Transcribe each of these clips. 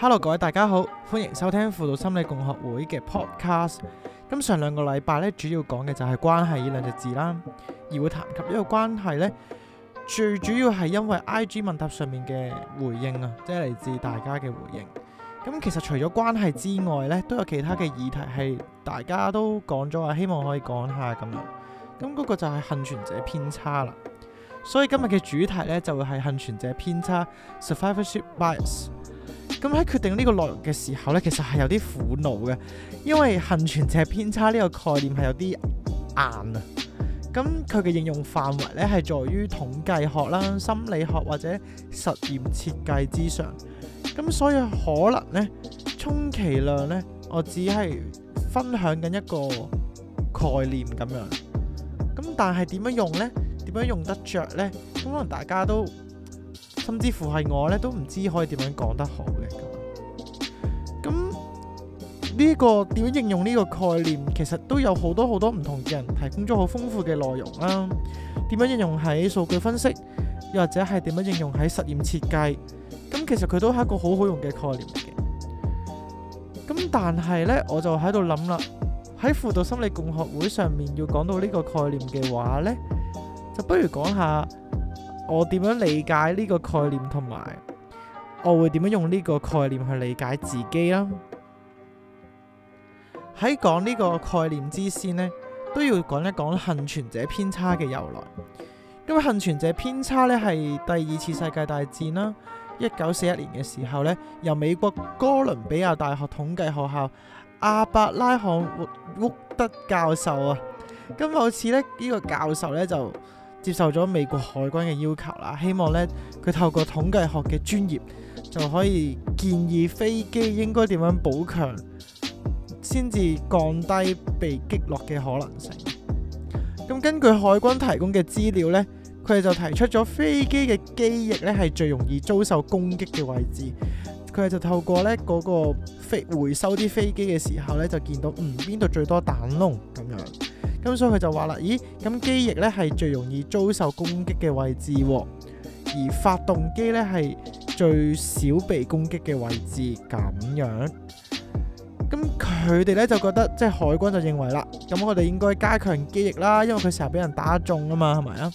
hello，各位大家好，歡迎收聽輔導心理共學會嘅 podcast。咁上兩個禮拜咧，主要講嘅就係關係呢兩隻字啦。而會談及呢個關係呢，最主要係因為 I G 問答上面嘅回應啊，即係嚟自大家嘅回應。咁其實除咗關係之外呢，都有其他嘅議題係大家都講咗話，希望可以講下咁樣。咁嗰個就係幸存者偏差啦。所以今日嘅主題呢，就會係幸存者偏差 （survivorship bias）。Surviv 咁喺決定呢個內容嘅時候呢，其實係有啲苦惱嘅，因為倖存者偏差呢個概念係有啲硬啊。咁佢嘅應用範圍呢，係在於統計學啦、心理學或者實驗設計之上。咁所以可能呢，充其量呢，我只係分享緊一個概念咁樣。咁但係點樣用呢？點樣用得着呢？咁可能大家都。甚至乎係我咧都唔知可以點樣講得好嘅。咁呢個點樣應用呢個概念，其實都有好多好多唔同嘅人提供咗好豐富嘅內容啦、啊。點樣應用喺數據分析，又或者係點樣應用喺實驗設計？咁其實佢都係一個好好用嘅概念嘅。咁但係呢，我就喺度諗啦，喺輔導心理共學會上面要講到呢個概念嘅話呢，就不如講下。我點樣理解呢個概念同埋，我會點樣用呢個概念去理解自己啦？喺講呢個概念之先呢，都要講一講幸存者偏差嘅由來。咁、嗯、幸存者偏差呢，係第二次世界大戰啦，一九四一年嘅時候呢，由美國哥倫比亞大學統計學校阿伯拉罕沃德教授啊，咁好似咧呢、呢個教授呢，就接受咗美國海軍嘅要求啦，希望呢，佢透過統計學嘅專業就可以建議飛機應該點樣補強，先至降低被擊落嘅可能性。咁根據海軍提供嘅資料呢，佢哋就提出咗飛機嘅機翼呢係最容易遭受攻擊嘅位置。佢哋就透過呢嗰個飛回收啲飛機嘅時候呢，就見到唔邊度最多彈窿咁樣。咁所以佢就話啦，咦？咁機翼呢係最容易遭受攻擊嘅位置喎，而發動機呢係最少被攻擊嘅位置。咁樣，咁佢哋呢就覺得，即係海軍就認為啦，咁我哋應該加強機翼啦，因為佢成日俾人打中啊嘛，係咪啊？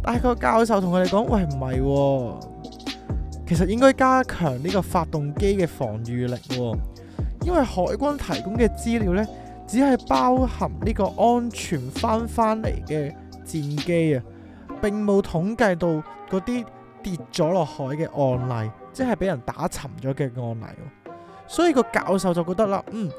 但係個教授同佢哋講，喂，唔係喎，其實應該加強呢個發動機嘅防禦力喎，因為海軍提供嘅資料呢。只係包含呢個安全翻返嚟嘅戰機啊，並冇統計到嗰啲跌咗落海嘅案例，即係俾人打沉咗嘅案例啊。所以個教授就覺得啦，嗯，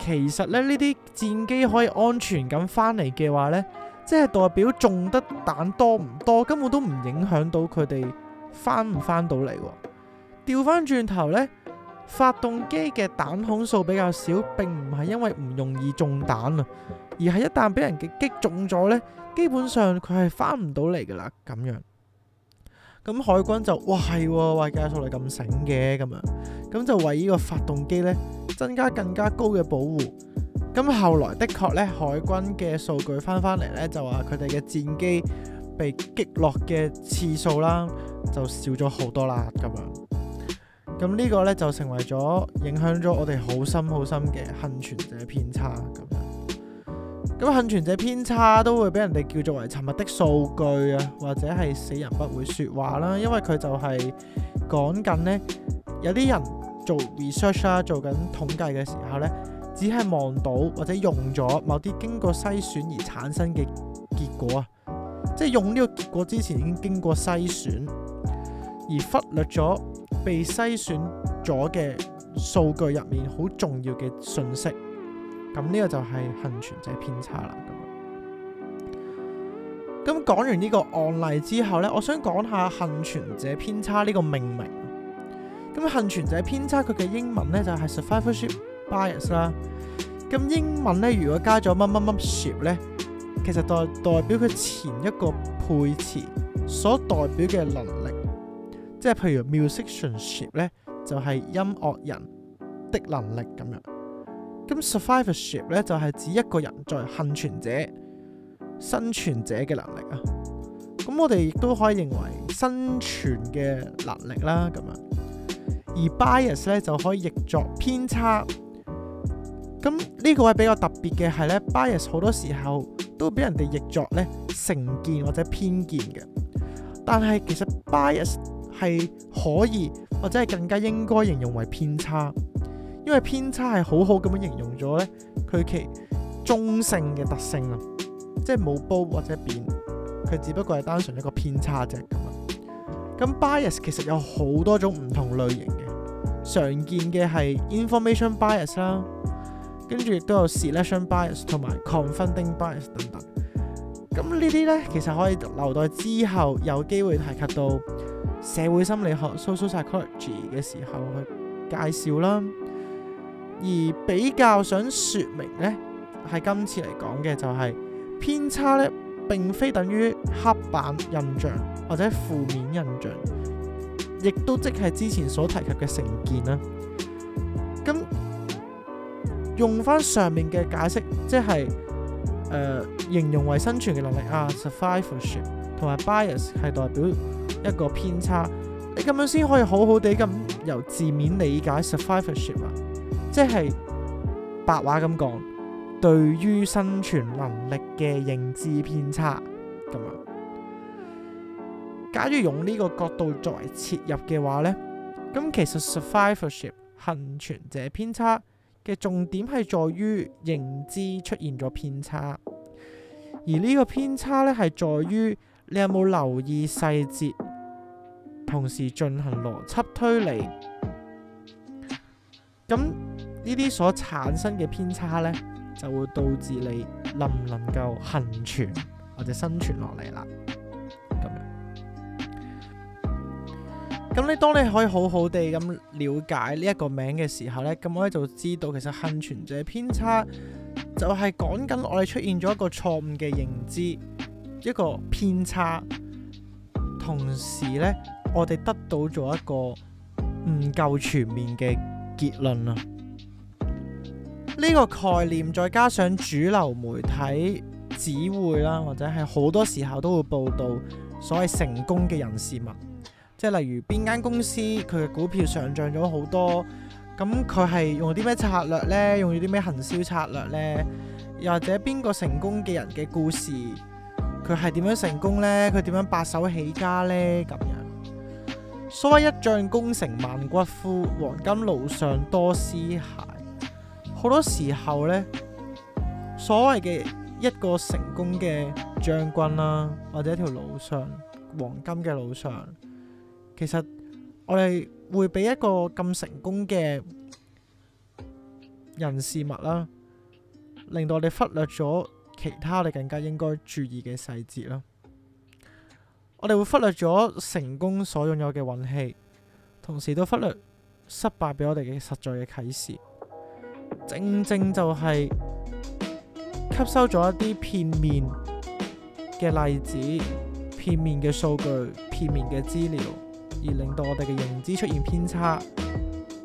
其實咧，呢啲戰機可以安全咁返嚟嘅話呢，即係代表中得彈多唔多，根本都唔影響到佢哋返唔返到嚟啊。調翻轉頭呢。發動機嘅彈孔數比較少，並唔係因為唔容易中彈啊,而係一旦俾人嘅擊中咗呢，基本上佢係翻唔到嚟噶啦。咁樣，咁海軍就哇係，話計數你咁醒嘅咁樣，咁就為呢個發動機呢增加更加高嘅保護。咁後來的確呢，海軍嘅數據翻返嚟呢，就話佢哋嘅戰機被擊落嘅次數啦，就少咗好多啦。咁樣。咁呢個呢，就成為咗影響咗我哋好深好深嘅幸存者偏差咁樣。咁幸存者偏差都會俾人哋叫做為沉默的數據啊，或者係死人不會説話啦、啊。因為佢就係講緊呢，有啲人做 research 啊，做緊統計嘅時候呢，只係望到或者用咗某啲經過篩選而產生嘅結果啊，即係用呢個結果之前已經經過篩選，而忽略咗被篩選咗嘅數據入面好重要嘅信息，咁呢個就係幸存者偏差啦。咁講完呢個案例之後咧，我想講下幸存者偏差呢個命名。咁幸存者偏差佢嘅英文咧就係 survivorship bias 啦。咁英文咧如果加咗乜乜乜 ship 咧，其實代代表佢前一個配詞所代表嘅能力。即係譬如 musicianship 咧，就係音樂人的能力咁樣。咁 survivorship 咧就係指一個人在幸存者生存者嘅能力啊。咁我哋亦都可以認為生存嘅能力啦咁樣。而 bias 咧就可以譯作偏差。咁呢個位比較特別嘅係咧，bias 好多時候都俾人哋譯作咧成見或者偏見嘅。但係其實 bias 係可以，或者係更加應該形容為偏差，因為偏差係好好咁樣形容咗呢佢其中性嘅特性啊，即係冇褒或者貶佢，只不過係單純一個偏差啫咁啊。咁 bias 其實有好多種唔同類型嘅，常見嘅係 information bias 啦，跟住亦都有 selection bias 同埋 confounding bias 等等。咁呢啲呢，其實可以留待之後有機會提及到。社會心理學 Social Psychology 嘅時候去介紹啦，而比較想説明呢，係今次嚟講嘅就係、是、偏差呢，並非等於黑板印象或者負面印象，亦都即係之前所提及嘅成見啦。咁用翻上面嘅解釋，即係誒、呃、形容為生存嘅能力啊，survivorship。Survivorship，同埋 bias 係代表一個偏差，你咁樣先可以好好地咁由字面理解 survivorship 啊，即係白話咁講，對於生存能力嘅認知偏差咁啊。假如用呢個角度作為切入嘅話呢，咁其實 survivorship 倖存者偏差嘅重點係在於認知出現咗偏差，而呢個偏差呢係在於，你有冇留意細節，同時進行邏輯推理？咁呢啲所產生嘅偏差呢，就會導致你能唔能夠倖存或者生存落嚟啦。咁樣。咁你當你可以好好地咁了解呢一個名嘅時候呢，咁我哋就知道其實倖存者偏差就係講緊我哋出現咗一個錯誤嘅認知。一個偏差，同時呢，我哋得到咗一個唔夠全面嘅結論啦。呢個概念再加上主流媒體只會啦，或者係好多時候都會報道所謂成功嘅人事物，即係例如邊間公司佢嘅股票上漲咗好多，咁佢係用啲咩策略呢？用咗啲咩行銷策略呢？又或者邊個成功嘅人嘅故事？佢係點樣成功呢？佢點樣白手起家呢？咁樣所謂一將功成萬骨枯，黃金路上多屍骸。好多時候呢，所謂嘅一個成功嘅將軍啦，或者一條路上黃金嘅路上，其實我哋會俾一個咁成功嘅人事物啦，令到我哋忽略咗。其他你更加應該注意嘅細節咯。我哋會忽略咗成功所擁有嘅運氣，同時都忽略失敗畀我哋嘅實在嘅啟示。正正就係吸收咗一啲片面嘅例子、片面嘅數據、片面嘅資料，而令到我哋嘅認知出現偏差。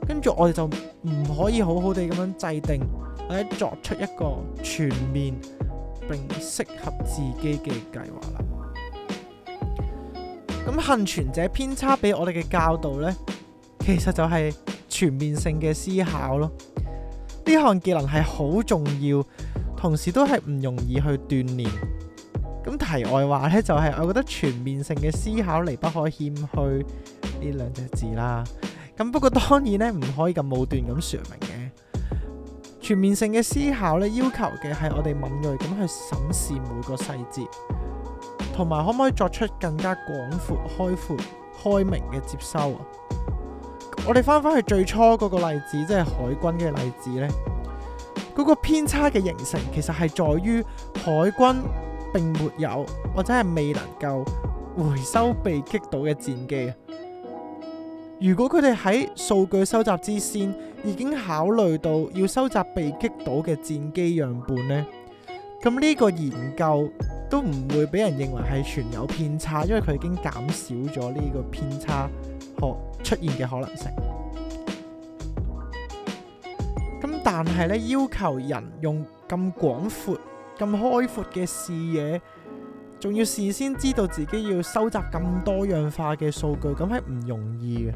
跟住我哋就唔可以好好地咁樣制定或者作出一個全面，並適合自己嘅計劃啦。咁倖存者偏差俾我哋嘅教導呢，其實就係全面性嘅思考咯。呢項技能係好重要，同時都係唔容易去鍛煉。咁題外話呢，就係、是、我覺得全面性嘅思考離不開謙虛呢兩隻字啦。咁不過當然呢，唔可以咁武斷咁說明嘅。全面性嘅思考咧，要求嘅係我哋敏銳咁去審視每個細節，同埋可唔可以作出更加廣闊、開闊、開明嘅接收啊？我哋翻返去最初嗰個例子，即係海軍嘅例子呢，嗰個偏差嘅形成其實係在於海軍並沒有，或者係未能夠回收被擊倒嘅戰機。如果佢哋喺數據收集之先，已經考慮到要收集被擊倒嘅戰機樣本呢，咁呢個研究都唔會俾人認為係存有偏差，因為佢已經減少咗呢個偏差可出現嘅可能性。咁但係咧，要求人用咁廣闊、咁開闊嘅視野，仲要事先知道自己要收集咁多樣化嘅數據，咁係唔容易嘅。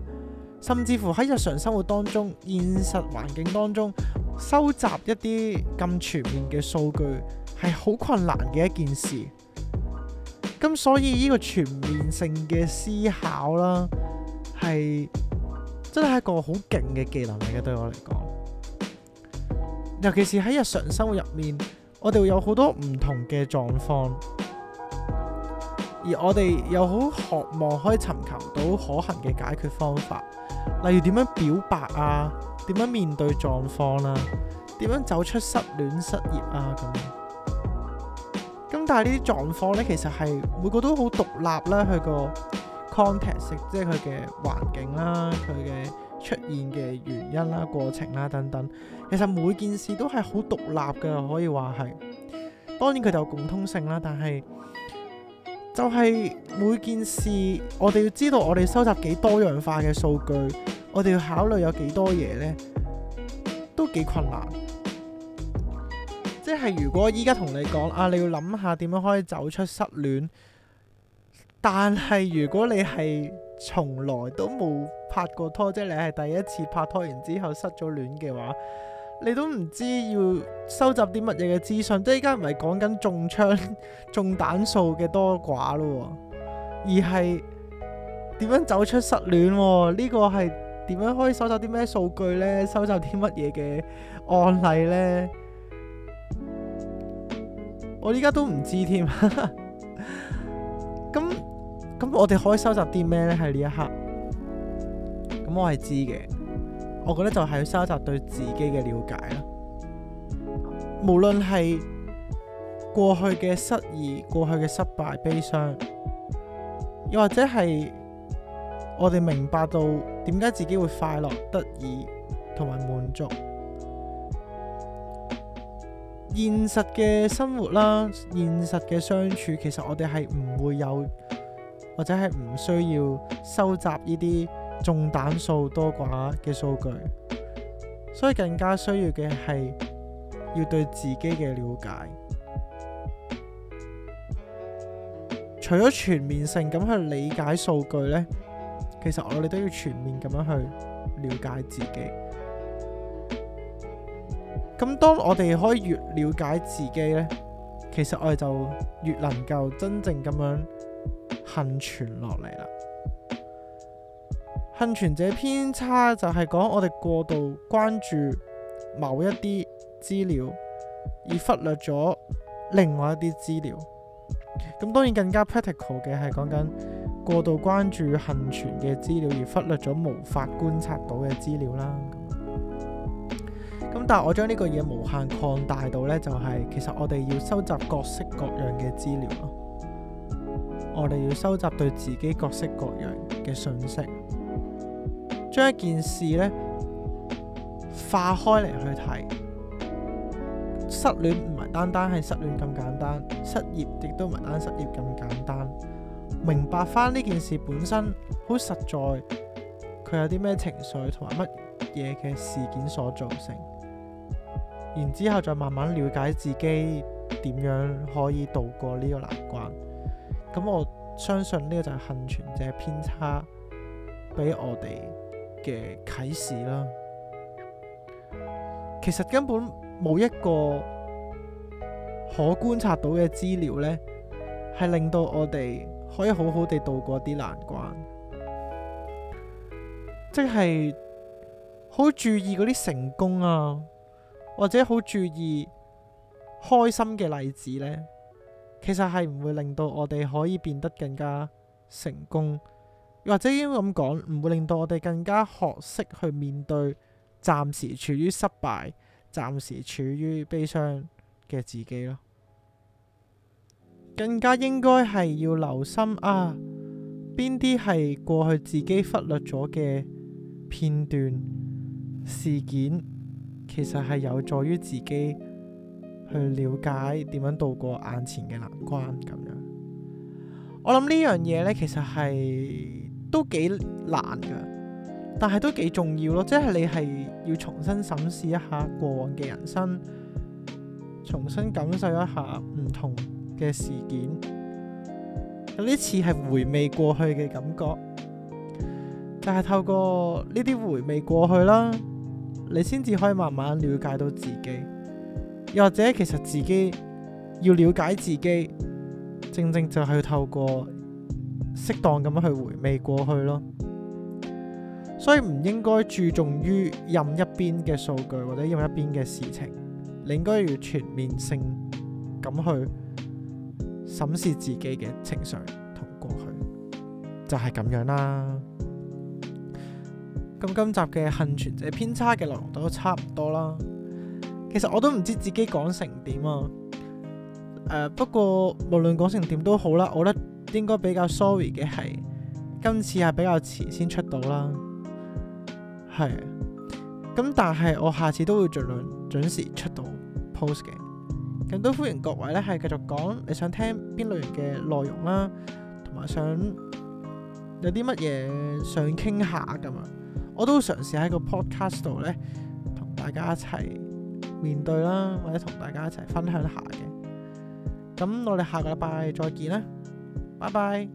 甚至乎喺日常生活當中，現實環境當中，收集一啲咁全面嘅數據係好困難嘅一件事。咁所以呢個全面性嘅思考啦，係真係一個好勁嘅技能嚟嘅，對我嚟講。尤其是喺日常生活入面，我哋會有好多唔同嘅狀況，而我哋又好渴望可以尋求到可行嘅解決方法。例如點樣表白啊？點樣面對狀況啦？點樣走出失戀失業啊？咁樣，咁，但係呢啲狀況咧，其實係每個都好獨立啦。佢個 context，即係佢嘅環境啦、啊，佢嘅出現嘅原因啦、啊、過程啦、啊、等等，其實每件事都係好獨立嘅，可以話係當然佢哋有共通性啦，但係。就係每件事，我哋要知道我哋收集幾多樣化嘅數據，我哋要考慮有幾多嘢呢？都幾困難。即係如果依家同你講啊，你要諗下點樣可以走出失戀。但係如果你係從來都冇拍過拖，即係，你係第一次拍拖，然之後失咗戀嘅話。你都唔知要收集啲乜嘢嘅資訊，即係依家唔係講緊中槍、中彈數嘅多寡咯，而係點樣走出失戀？呢個係點樣可以收集啲咩數據呢？收集啲乜嘢嘅案例呢？我依家都唔知添，咁 咁我哋可以收集啲咩呢？喺呢一刻，咁我係知嘅。我覺得就係要收集對自己嘅了解啦，無論係過去嘅失意、過去嘅失敗、悲傷，又或者係我哋明白到點解自己會快樂、得意同埋滿足。現實嘅生活啦，現實嘅相處，其實我哋係唔會有，或者係唔需要收集呢啲。中彈數多寡嘅數據，所以更加需要嘅係要對自己嘅了解。除咗全面性咁去理解數據呢，其實我哋都要全面咁樣去了解自己。咁當我哋可以越了解自己呢，其實我哋就越能夠真正咁樣幸存落嚟啦。倖存者偏差就係講我哋過度關注某一啲資料，而忽略咗另外一啲資料。咁當然更加 practical 嘅係講緊過度關注倖存嘅資料，而忽略咗無法觀察到嘅資料啦。咁但係我將呢個嘢無限擴大到呢，就係其實我哋要收集各式各樣嘅資料咯。我哋要收集對自己各式各樣嘅信息。將一件事呢化開嚟去睇，失戀唔係單單係失戀咁簡單，失業亦都唔係單失業咁簡單。明白翻呢件事本身好實在，佢有啲咩情緒同埋乜嘢嘅事件所造成，然之後再慢慢了解自己點樣可以渡過呢個難關。咁我相信呢個就係倖存者偏差俾我哋嘅啟示啦，其實根本冇一個可觀察到嘅資料呢，係令到我哋可以好好地度過啲難關，即係好注意嗰啲成功啊，或者好注意開心嘅例子呢，其實係唔會令到我哋可以變得更加成功。或者應該咁講，唔會令到我哋更加學識去面對暫時處於失敗、暫時處於悲傷嘅自己咯。更加應該係要留心啊，邊啲係過去自己忽略咗嘅片段、事件，其實係有助於自己去了解點樣度過眼前嘅難關咁樣。我諗呢樣嘢呢，其實係。都幾難㗎，但係都幾重要咯。即係你係要重新審視一下過往嘅人生，重新感受一下唔同嘅事件。呢次係回味過去嘅感覺，但係透過呢啲回味過去啦，你先至可以慢慢了解到自己。又或者其實自己要了解自己，正正就係透過。適當咁樣去回味過去咯，所以唔應該注重於任一邊嘅數據或者任一邊嘅事情，你應該要全面性咁去審視自己嘅情緒同過去，就係咁樣啦。咁今集嘅幸存者偏差嘅內容都差唔多啦，其實我都唔知自己講成點啊，呃，不過無論講成點都好啦，我覺得……應該比較 sorry 嘅係，今次係比較遲先出到啦，係。咁但係我下次都會盡量準時出到 post 嘅。咁都歡迎各位咧，係繼續講你想聽邊類型嘅內容啦，同埋想有啲乜嘢想傾下咁啊。我都嘗試喺個 podcast 度咧，同大家一齊面對啦，或者同大家一齊分享下嘅。咁我哋下個禮拜再見啦。拜拜。